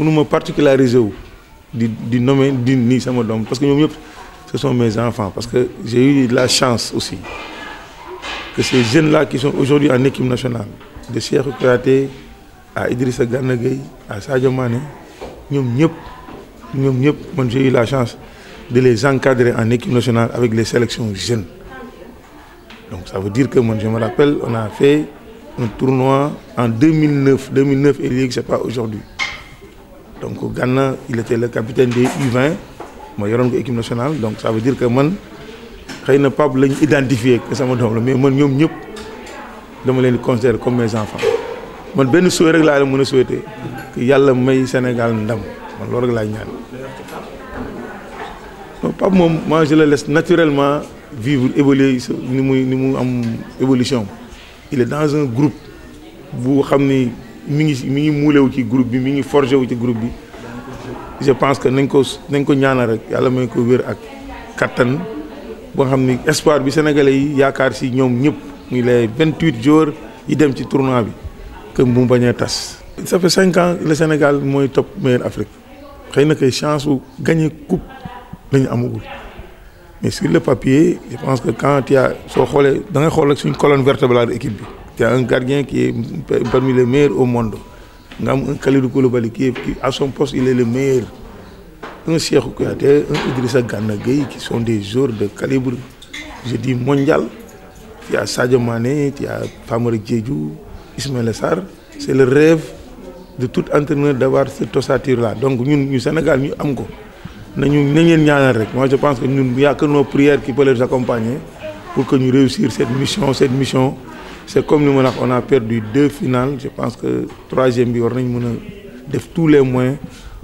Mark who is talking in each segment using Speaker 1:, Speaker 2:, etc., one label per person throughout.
Speaker 1: mënuma particulariser wu di di nommer di nii sama doom parce que ñoom ñëpp ce sont mes enfants parce que j'ai la chance aussi que ces jeunes là qui sont aujourd'hui en équipe nationale de Cheikhou Kouyaté à Idrissa Gana Gueye à Sadio Mané ñoom ñëpp ñoom ñëpp man j'ai la chance de les encadrer en équipe nationale avec les sélections jeunes donc ça veut dire que man je me rappelle on a fait un tournoi en 2009 2009 et c'est pas aujourd'hui donc Gana il était le capitaine des U20 ma yoroon ko équipe nationale donc ça veut dire que man xëy na pab lañ identifié que sama doom la mais man ñoom ñëpp dama leen di considérer comme mes enfants man benn souhait rek laa la mën a souhaiter que yàlla may Sénégal ndam man loolu rek laay ñaan. non moom moi je le laisse naturellement vivre évoluer ni muy ni mu am évolution il est dans un groupe bu xam ni. mi ngi mi ngi muulewu ci groupe bi mi ngi forgé wu ci groupe bi je pense que nañ ko nañ ko ñaanal rek yàlla may ko wér ak kattan boo xam ni espoir bi sénégalais yi yaakaar si ñoom ñëpp muy les vingt huit jours yi dem ci tournoi bi que mu bañ tas. ça fait cinq ans le Sénégal mooy top meilleur Afrique xëy na kay chance su gagné coupe la amagul mais sur le papier je pense que quand il soo xoolee da nga xool ak suñ colonne vertébrale équipe bi. tu as un gardien qui est parmi les meilleurs au monde nga am un Kalidou Koulibaly qui est qui à son poste il est le meilleur un Cheikhou Kouyaté un Idrissa Gana Gueye qui sont des joueurs de calibre je dis mondial tu as Sadio Mané tu as Famara Diédhiou Ismaïla sar c'est le rêve de tout entraîneur d'avoir cette ossature là donc ñun ñu Sénégal ñu am ko nañu na ngeen ñaanal rek moi je pense que ñun y a que nos prières qui peuvent les accompagner pour que ñu réussir cette mission cette mission c'est comme ni ma a wax on a perdu deux finales je pense que troisième bi war nañ mën a def tous les moyens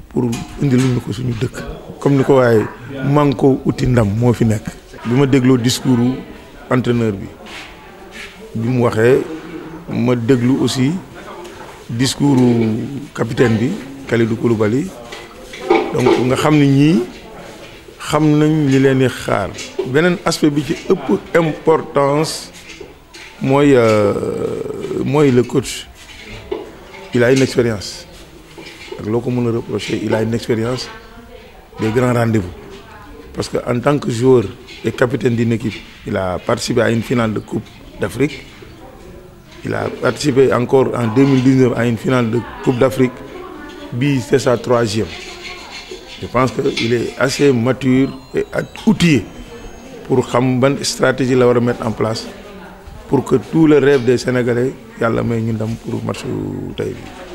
Speaker 1: pour indil ñu ko suñu dëkk. comme ni ko waaye man ko uti ndam moo fi nekk. bi ma dégloo discours u entraîneur bi bi mu waxee ma déglu aussi discours capitaine bi Kalidou Koulibaly donc nga xam ni ñii xam nañ li leen di xaar. beneen aspect bi ci ëpp importance. mooy euh, mooy le coach il a une expérience ak loo ko mën a reprocher il a une expérience des grands rendez parce que en tant que joueur et capitaine d'une équipe il a participé à une finale de coupe d'Afrique il a participé encore en 2019 à une finale de coupe d'Afrique bi c'est sa troisième je pense que il est assez mature et outillé pour xam ban stratégie la war a mettre en place pour que tout le rêve des Sénégalais yàlla may ñun ndam pour match tey bi